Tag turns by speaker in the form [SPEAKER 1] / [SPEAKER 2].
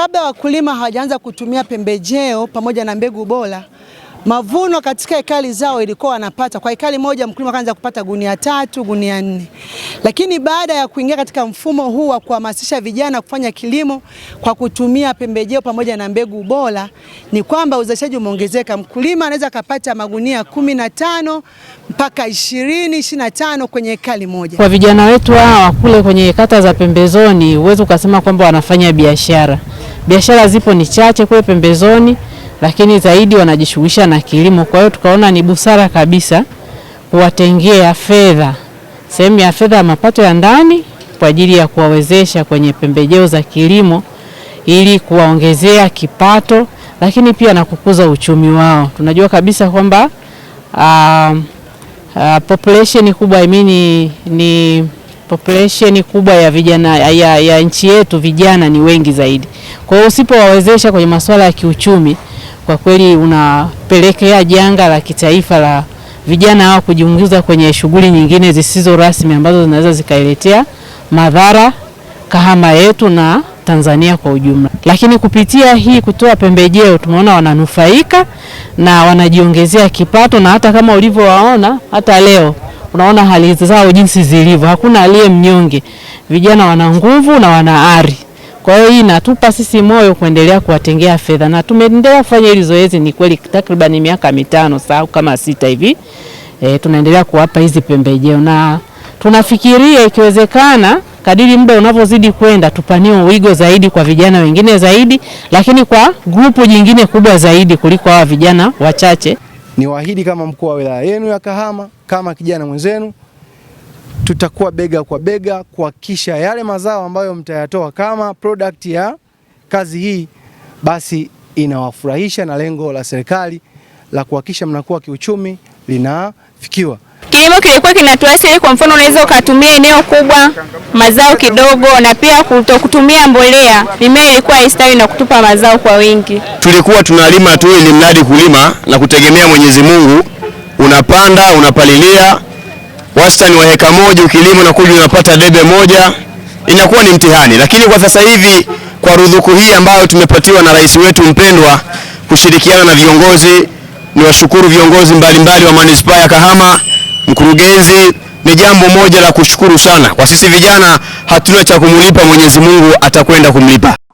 [SPEAKER 1] Kabla wakulima hawajaanza kutumia pembejeo pamoja na mbegu bora, mavuno katika ekari zao ilikuwa wanapata kwa ekari moja, mkulima kaanza kupata gunia tatu, gunia nne. Lakini baada ya kuingia katika mfumo huu wa kuhamasisha vijana kufanya kilimo kwa kutumia pembejeo pamoja na mbegu bora, ni kwamba uzalishaji umeongezeka. Mkulima anaweza akapata magunia kumi na tano mpaka ishirini, ishirini na tano kwenye ekari moja. Kwa vijana wetu hawa kule kwenye kata za pembezoni, huwezi ukasema kwamba wanafanya biashara biashara zipo ni chache kule pembezoni, lakini zaidi wanajishughulisha na kilimo. Kwa hiyo tukaona ni busara kabisa kuwatengea fedha, sehemu ya fedha ya mapato ya ndani kwa ajili ya kuwawezesha kwenye pembejeo za kilimo ili kuwaongezea kipato, lakini pia na kukuza uchumi wao. Tunajua kabisa kwamba uh, uh, population kubwa imini ni, ni population kubwa ya vijana ya, ya nchi yetu, vijana ni wengi zaidi. Kwa hiyo usipowawezesha kwenye masuala ya kiuchumi, kwa kweli unapelekea janga la kitaifa la vijana hao kujiunguza kwenye shughuli nyingine zisizo rasmi ambazo zinaweza zikailetea madhara Kahama yetu na Tanzania kwa ujumla. Lakini kupitia hii kutoa pembejeo tumeona wananufaika na wanajiongezea kipato, na hata kama ulivyowaona hata leo unaona hali zao jinsi zilivyo, hakuna aliye mnyonge. Vijana wana nguvu na wana ari. Kwa hiyo hii inatupa sisi moyo kuendelea kuwatengea fedha, na tumeendelea kufanya hili zoezi ni kweli takriban miaka mitano saau kama sita hivi. E, tunaendelea kuwapa hizi pembejeo na tunafikiria ikiwezekana kadiri muda unavyozidi kwenda tupanie wigo zaidi kwa vijana wengine zaidi, lakini kwa grupu jingine kubwa zaidi kuliko hawa vijana wachache.
[SPEAKER 2] Niwaahidi kama mkuu wa wilaya yenu ya Kahama, kama kijana mwenzenu, tutakuwa bega kwa bega kuhakikisha yale mazao ambayo mtayatoa kama product ya kazi hii basi inawafurahisha na lengo la serikali la kuhakikisha mnakuwa kiuchumi linafikiwa.
[SPEAKER 3] Kilimo kilikuwa kinatuathiri. Kwa mfano, unaweza ukatumia eneo kubwa, mazao kidogo, na pia kutokutumia mbolea, mimea ilikuwa haistawi na kutupa mazao kwa wingi.
[SPEAKER 4] Tulikuwa tunalima tu ili mradi kulima na kutegemea Mwenyezi Mungu, unapanda unapalilia, wastani wa heka moja ukilima na kuja unapata debe moja, inakuwa ni mtihani. Lakini kwa sasa hivi, kwa ruzuku hii ambayo tumepatiwa na rais wetu mpendwa, kushirikiana na viongozi, niwashukuru viongozi mbalimbali mbali wa manispaa ya Kahama Mkurugenzi, ni jambo moja la kushukuru sana. Kwa sisi vijana hatuna cha kumlipa Mwenyezi Mungu, atakwenda kumlipa.